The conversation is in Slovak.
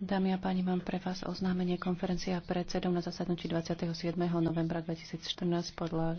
Dámy a páni, mám pre vás oznámenie konferencia predsedov na zasadnutí seven novembra 2014 podľa